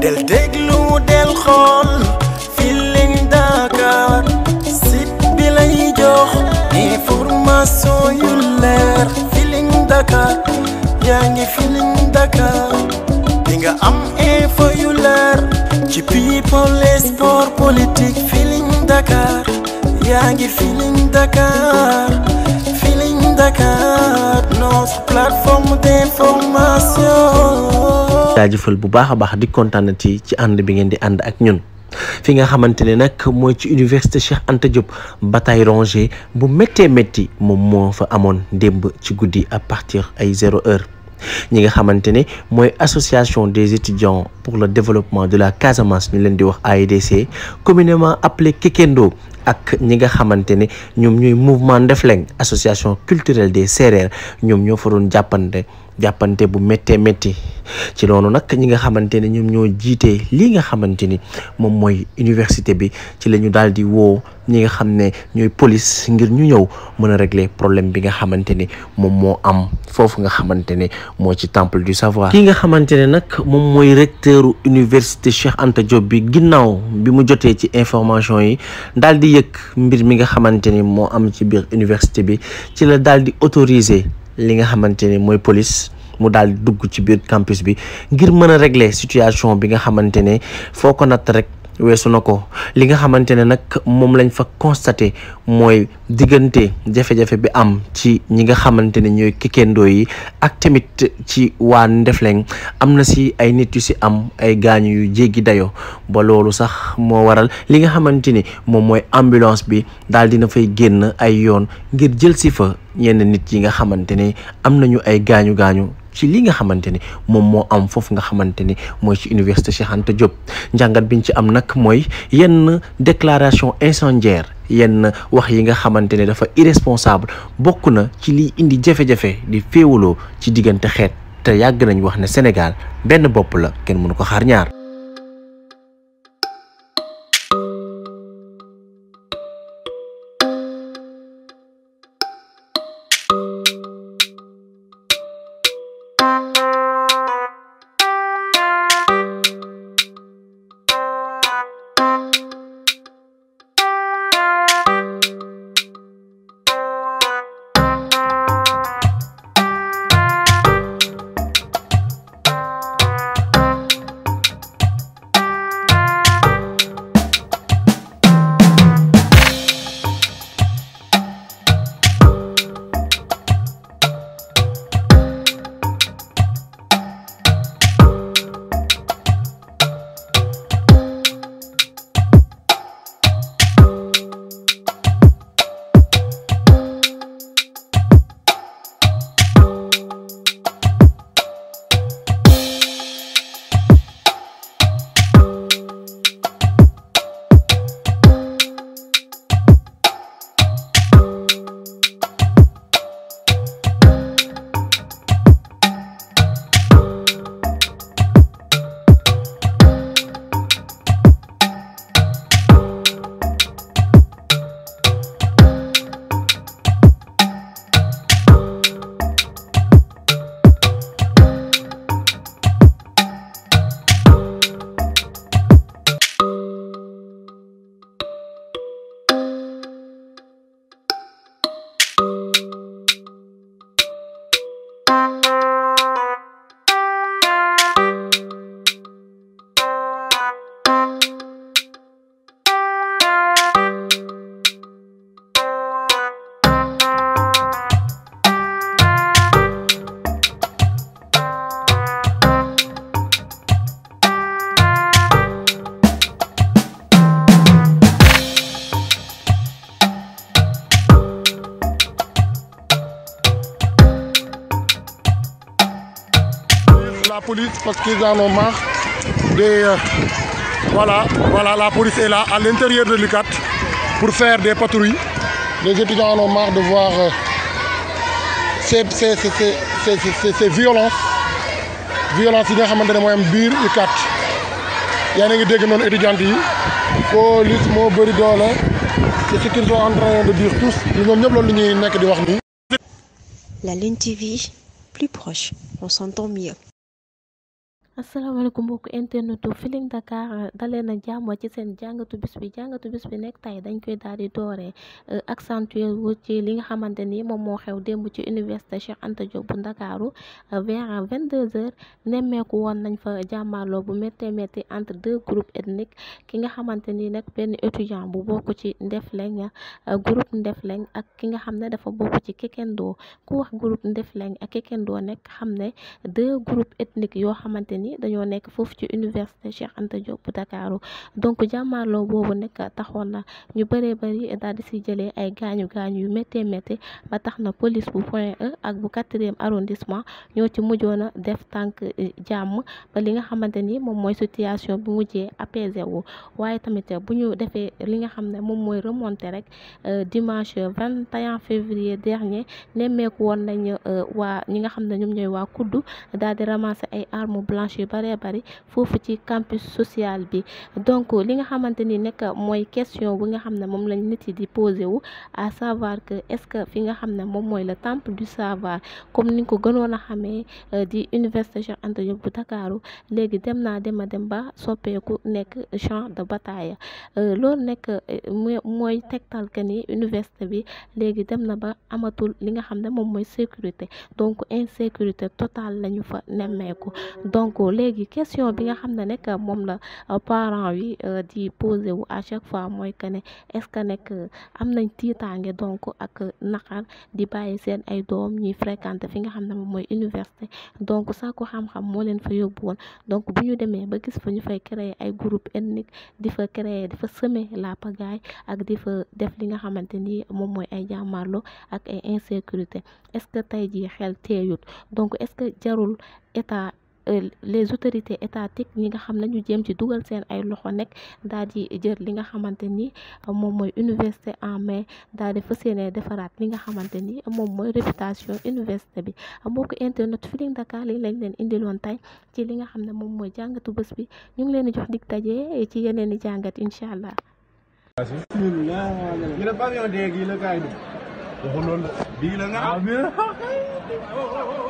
del déglu del xool Feeling Dakar site bi lay jox information leer Feeling Dakar yaa ngi Feeling Dakar di nga am info yu leer ci people et sport politique Feeling Dakar yaa ngi Feeling Dakar Dakar notre bu baax a baax di kontaanati ci ànd bi ngeen di ànd ak ñun. fi nga xamante ne nag mooy ci université Cheikh Anta Diop bataille bu méttee métti moom moo fa amoon démb ci guddi à partir ay zéro heure. ñi nga xamante ne mooy association des étudiants pour le développement de la Casamance ñu leen di wax AEDC communément appelé Kekendo ak ñi nga xamante ni ñoom ñooy mouvement Ndefleng association culturelle des Sérères ñoom ñoo fa doon jàppante jàppante bu méttee métti ci loolu nag ñi nga xamante ne ñoom ñoo jiitee lii nga xamante ni moom mooy université bi ci la ñu daal di woo ñi nga xam ne ñooy police ngir ñu ñëw mën a régler problème bi nga xamante ni moom moo am foofu nga xamante ne moo ci temple du savoir ki nga xamante ne nag moom mooy recteur université Cheikh Anta Diop bi ginnaaw bi mu jotee ci information yi daal di yëg mbir mi nga xamante ni moo am ci biir université bi ci la daal di autoriser li nga xamante ni mooy police mu daal di dugg ci biir campus bi ngir mën a régler situation bi nga xamante ne foo ko natt rek. weesu na ko li nga xamante ne nag moom lañ fa constaté mooy diggante jafe-jafe bi am ci ñi nga xamante ne ñooy kikendoo yi ak tamit ci waa Ndefleng am na si ay nit yu si am ay gaañu yu jéggi dayo ba loolu sax moo waral li nga xamante ni moom mooy ambulance bi daal dina fay génn ay yoon ngir jël si fa ñenn nit yi nga xamante ne am nañu ay gaañu gaañu ci li nga xamante ni moom moo am foofu nga xamante ni mooy ci université Cheikh Anta Diop njàngat biñ ci am nag mooy yenn déclaration incendiaire yenn wax yi nga xamante ne dafa irresponsable bokk na ci liy indi jafe-jafe di féewaloo ci diggante xeet te yàgg nañ wax ne Sénégal benn bopp la kenn mënu ko xaar ñaar la police parce que en ont marre. Des, euh, voilà, voilà, la police est là à l'intérieur de l'UCAT pour faire des patrouilles. Les étudiants en ont marre de voir euh, ces, ces, ces, ces violences. Violences, ils ont bir UCAT. Il y a des étudiants qui police moo bëri doole c'est ce qu'ils sont en de dire tous ñoom ñëpp loolu ñuy nekk di wax nii. La Lune TV, plus proche, on s'entend mieux. asalaamaaleykum mbokk internetu Feeling Dakar dalee na jàmm ci seen jàngatu bis bi jàngatu bis bi nekk tey dañ koy daal di dooree euh, accentuer wu ci li nga xamante ni moom moo xew démb ci université Cheikh Anta bu Ndakaaru euh, vers vingt deux heures nemmeeku woon nañ fa jàmmaarloo bu méttee métti entre deux groupe ethniques ki nga xamante ni nag benn étudiant bu bokk ci Ndefleng euh, groupe Ndefleng ak ki nga xam ne dafa bokk ci Kekendo ku wax groupe Ndefleng ak Kekendo nekk xam ne deux groupe ethniques yoo xamante ni dañoo nekk foofu ci université Cheikh Anta Diop bu Dakaaru donc boobu nag taxoon na ñu bëree bëri daal di si jëlee ay gaañu gaañu yu méttee méttee ba tax na police bu point E ak bu quatrième arrondissement ñoo ci mujjoon a def tànk eh, jàmm ba li nga xamante ni moom mooy situation bi mujjee apaisé wu waaye tamit bu ñu defee li nga xam ne moom mooy remonté rek eh, dimanche 21 février dernier nemmeeku woon nañ eh, waa ñi nga xam ne ñoom ñooy waa kuddu daal yu bare bari foofu ci campus social bi donc li nga xamante ni nekk mooy question bu nga xam ne moom lañ nit yi di posé wu à savoir que est-ce que fi nga xam ne moom mooy la temple du savoir comme ni ko gënoon a xamee euh, di université Cheikh Anta bu dakaaru léegi dem naa dem a dem ba soppeeku nekk champ de bataille euh, loolu nekk euh, mooy tegtal que ni université bi léegi dem na ba amatul li nga xam ne moom mooy sécurité donc insécurité totale lañu fa nemmeeku donc léegi question bi nga xam ne nekk moom la euh, parents yi euh, di posé wu à chaque fois mooy que ne est-ce que nekk euh, am nañ tiitaange donc ak naqar di bàyyi seen ay doom ñuy fréquenté fi nga xam ne moom mooy université donc sàkku xam-xam moo leen fa yóbbu woon donc bu ñu demee ba gis fa ñu fay créer ay groupe ethnique di fa créer di fa semer la pagaille ak di fa def li nga xamante ni moom mooy ay jàmmarloo ak ay insécurité est-ce que tey jii xel teeyut donc est que jarul Euh, les autorités étatiques ñi nga xam ne ñu jéem ci dugal seen ay loxo nekk daal di jël li nga xamante ni euh, moom mooy université en mais daal di fas yéene defaraat li nga xamante ni moom mooy réputation université bi mbokk internet Feeling Dakar li lañ leen indiloon tey ci li nga xam ne moom mooy jàngatu bës bi ñu ngi leen di jox dig tajee ci yeneen i jàngat incha allah.